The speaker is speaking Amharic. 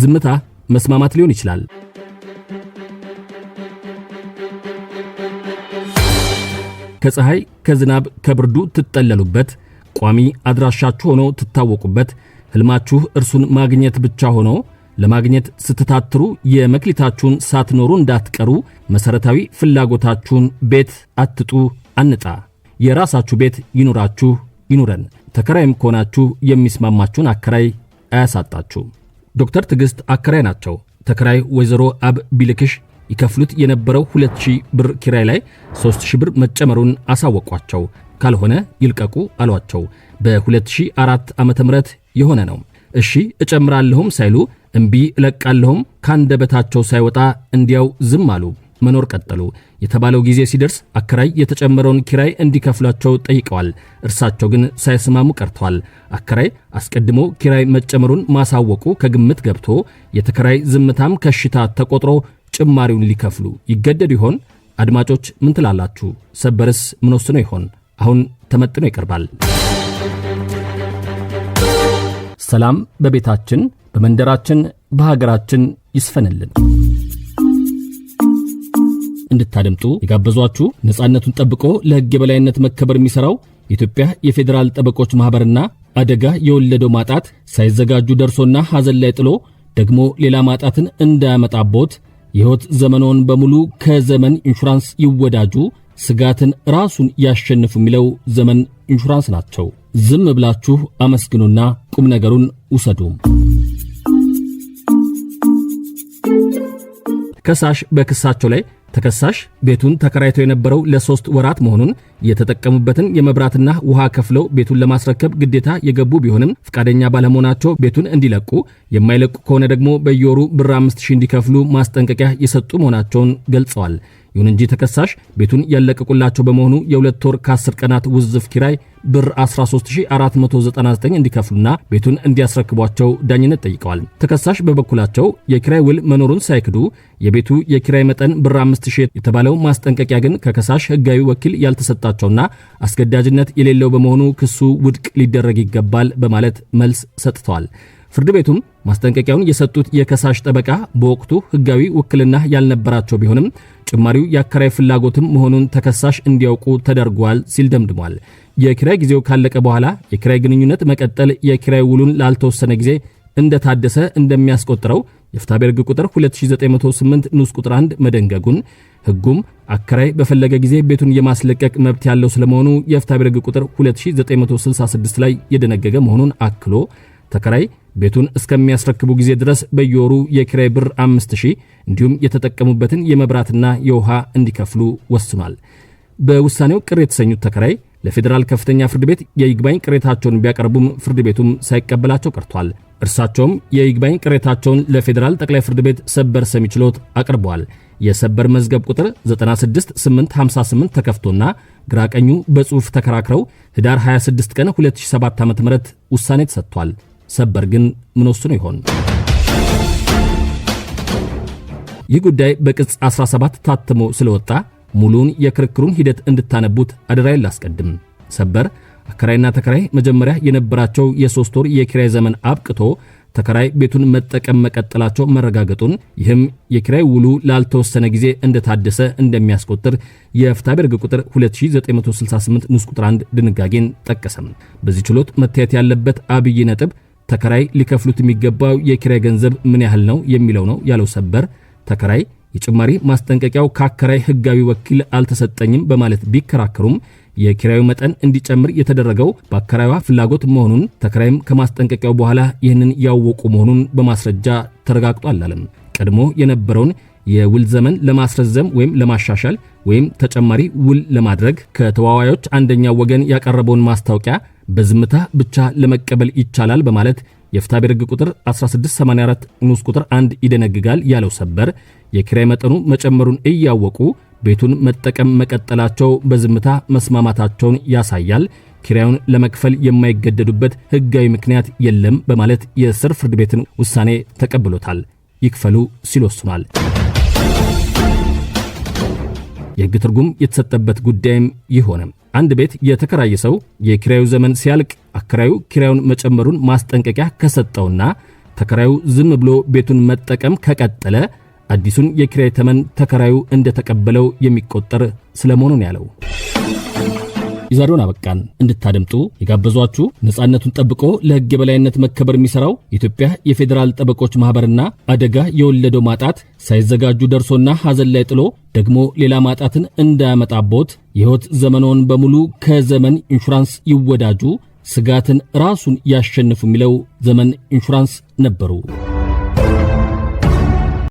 ዝምታ መስማማት ሊሆን ይችላል። ከፀሐይ፣ ከዝናብ፣ ከብርዱ ትጠለሉበት፣ ቋሚ አድራሻችሁ ሆኖ ትታወቁበት፣ ሕልማችሁ እርሱን ማግኘት ብቻ ሆኖ ለማግኘት ስትታትሩ የመክሊታችሁን ሳትኖሩ እንዳትቀሩ መሠረታዊ ፍላጎታችሁን ቤት አትጡ አንጣ። የራሳችሁ ቤት ይኑራችሁ ይኑረን። ተከራይም ከሆናችሁ የሚስማማችሁን አከራይ አያሳጣችሁ። ዶክተር ትዕግስት አከራይ ናቸው። ተከራይ ወይዘሮ አብ ቢልክሽ ይከፍሉት የነበረው 2000 ብር ኪራይ ላይ 3000 ብር መጨመሩን አሳወቋቸው። ካልሆነ ይልቀቁ አሏቸው። በ2004 ዓመተ ምህረት የሆነ ነው። እሺ እጨምራለሁም ሳይሉ እምቢ እለቃለሁም ካንደበታቸው ሳይወጣ እንዲያው ዝም አሉ። መኖር ቀጠሉ። የተባለው ጊዜ ሲደርስ አከራይ የተጨመረውን ኪራይ እንዲከፍላቸው ጠይቀዋል። እርሳቸው ግን ሳይስማሙ ቀርተዋል። አከራይ አስቀድሞ ኪራይ መጨመሩን ማሳወቁ ከግምት ገብቶ የተከራይ ዝምታም ከሽታ ተቆጥሮ ጭማሪውን ሊከፍሉ ይገደዱ ይሆን? አድማጮች ምን ትላላችሁ? ሰበርስ ምን ወስኖ ይሆን? አሁን ተመጥኖ ይቀርባል። ሰላም በቤታችን በመንደራችን በሀገራችን ይስፈንልን። እንድታደምጡ የጋበዟችሁ ነፃነቱን ጠብቆ ለህግ የበላይነት መከበር የሚሰራው የኢትዮጵያ የፌዴራል ጠበቆች ማህበርና አደጋ የወለደው ማጣት ሳይዘጋጁ ደርሶና ሐዘን ላይ ጥሎ ደግሞ ሌላ ማጣትን እንዳያመጣቦት የህይወት ዘመኖን በሙሉ ከዘመን ኢንሹራንስ ይወዳጁ። ስጋትን ራሱን ያሸንፉ የሚለው ዘመን ኢንሹራንስ ናቸው። ዝም ብላችሁ አመስግኑና ቁም ነገሩን ውሰዱ። ከሳሽ በክሳቸው ላይ ተከሳሽ ቤቱን ተከራይቶ የነበረው ለሶስት ወራት መሆኑን የተጠቀሙበትን የመብራትና ውሃ ከፍለው ቤቱን ለማስረከብ ግዴታ የገቡ ቢሆንም ፈቃደኛ ባለመሆናቸው ቤቱን እንዲለቁ፣ የማይለቁ ከሆነ ደግሞ በየወሩ ብር አምስት ሺህ እንዲከፍሉ ማስጠንቀቂያ የሰጡ መሆናቸውን ገልጸዋል። ይሁን እንጂ ተከሳሽ ቤቱን ያለቀቁላቸው በመሆኑ የሁለት ወር ከ10 ቀናት ውዝፍ ኪራይ ብር 13499 እንዲከፍሉና ቤቱን እንዲያስረክቧቸው ዳኝነት ጠይቀዋል። ተከሳሽ በበኩላቸው የኪራይ ውል መኖሩን ሳይክዱ የቤቱ የኪራይ መጠን ብር 5000 የተባለው ማስጠንቀቂያ ግን ከከሳሽ ሕጋዊ ወኪል ያልተሰጣቸውና አስገዳጅነት የሌለው በመሆኑ ክሱ ውድቅ ሊደረግ ይገባል በማለት መልስ ሰጥተዋል። ፍርድ ቤቱም ማስጠንቀቂያውን የሰጡት የከሳሽ ጠበቃ በወቅቱ ሕጋዊ ውክልና ያልነበራቸው ቢሆንም ጭማሪው የአከራይ ፍላጎትም መሆኑን ተከሳሽ እንዲያውቁ ተደርጓል ሲል ደምድሟል። የኪራይ ጊዜው ካለቀ በኋላ የኪራይ ግንኙነት መቀጠል የኪራይ ውሉን ላልተወሰነ ጊዜ እንደታደሰ እንደሚያስቆጥረው የፍትሐብሔር ሕግ ቁጥር 2908 ንዑስ ቁጥር 1 መደንገጉን ሕጉም አከራይ በፈለገ ጊዜ ቤቱን የማስለቀቅ መብት ያለው ስለመሆኑ የፍትሐብሔር ሕግ ቁጥር 2966 ላይ የደነገገ መሆኑን አክሎ ተከራይ ቤቱን እስከሚያስረክቡ ጊዜ ድረስ በየወሩ የኪራይ ብር አምስት ሺህ እንዲሁም የተጠቀሙበትን የመብራትና የውሃ እንዲከፍሉ ወስኗል። በውሳኔው ቅር የተሰኙት ተከራይ ለፌዴራል ከፍተኛ ፍርድ ቤት የይግባኝ ቅሬታቸውን ቢያቀርቡም ፍርድ ቤቱም ሳይቀበላቸው ቀርቷል። እርሳቸውም የይግባኝ ቅሬታቸውን ለፌዴራል ጠቅላይ ፍርድ ቤት ሰበር ሰሚ ችሎት አቅርበዋል። የሰበር መዝገብ ቁጥር 96858 ተከፍቶና ግራቀኙ በጽሑፍ ተከራክረው ህዳር 26 ቀን 2007 ም ውሳኔ ተሰጥቷል። ሰበር ግን ምን ወስኖ ይሆን? ይህ ጉዳይ በቅጽ 17 ታትሞ ስለወጣ ሙሉውን የክርክሩን ሂደት እንድታነቡት አደራዬን ላስቀድም። ሰበር አከራይና ተከራይ መጀመሪያ የነበራቸው የሶስት ወር የኪራይ ዘመን አብቅቶ ተከራይ ቤቱን መጠቀም መቀጠላቸው መረጋገጡን ይህም የኪራይ ውሉ ላልተወሰነ ጊዜ እንደታደሰ እንደሚያስቆጥር የፍትሐ ሕግ ቁጥር 2968 ንዑስ ቁጥር 1 ድንጋጌን ጠቀሰም። በዚህ ችሎት መታየት ያለበት አብይ ነጥብ ተከራይ ሊከፍሉት የሚገባው የኪራይ ገንዘብ ምን ያህል ነው የሚለው ነው ያለው ሰበር። ተከራይ የጭማሪ ማስጠንቀቂያው ከአከራይ ህጋዊ ወኪል አልተሰጠኝም በማለት ቢከራከሩም የኪራዩ መጠን እንዲጨምር የተደረገው በአከራይዋ ፍላጎት መሆኑን ተከራይም ከማስጠንቀቂያው በኋላ ይህንን ያወቁ መሆኑን በማስረጃ ተረጋግጧል አለም። ቀድሞ የነበረውን የውል ዘመን ለማስረዘም ወይም ለማሻሻል ወይም ተጨማሪ ውል ለማድረግ ከተዋዋዮች አንደኛው ወገን ያቀረበውን ማስታወቂያ በዝምታ ብቻ ለመቀበል ይቻላል በማለት የፍታ ሕግ ቁጥር 1684 ንዑስ ቁጥር 1 ይደነግጋል ያለው ሰበር የኪራይ መጠኑ መጨመሩን እያወቁ ቤቱን መጠቀም መቀጠላቸው በዝምታ መስማማታቸውን ያሳያል፣ ኪራዩን ለመክፈል የማይገደዱበት ሕጋዊ ምክንያት የለም በማለት የስር ፍርድ ቤትን ውሳኔ ተቀብሎታል። ይክፈሉ ሲል ወስኗል። የህግ ትርጉም የተሰጠበት ጉዳይም ይሆንም። አንድ ቤት የተከራየ ሰው የኪራዩ ዘመን ሲያልቅ አከራዩ ኪራዩን መጨመሩን ማስጠንቀቂያ ከሰጠውና ተከራዩ ዝም ብሎ ቤቱን መጠቀም ከቀጠለ አዲሱን የኪራይ ተመን ተከራዩ እንደተቀበለው የሚቆጠር ስለመሆኑን ያለው የዛሬውን አበቃን። እንድታደምጡ የጋበዟችሁ ነፃነቱን ጠብቆ ለህግ የበላይነት መከበር የሚሰራው የኢትዮጵያ የፌዴራል ጠበቆች ማህበርና አደጋ የወለደው ማጣት ሳይዘጋጁ ደርሶና ሐዘን ላይ ጥሎ ደግሞ ሌላ ማጣትን እንዳያመጣቦት የህይወት ዘመኖን በሙሉ ከዘመን ኢንሹራንስ ይወዳጁ። ስጋትን ራሱን ያሸንፉ የሚለው ዘመን ኢንሹራንስ ነበሩ።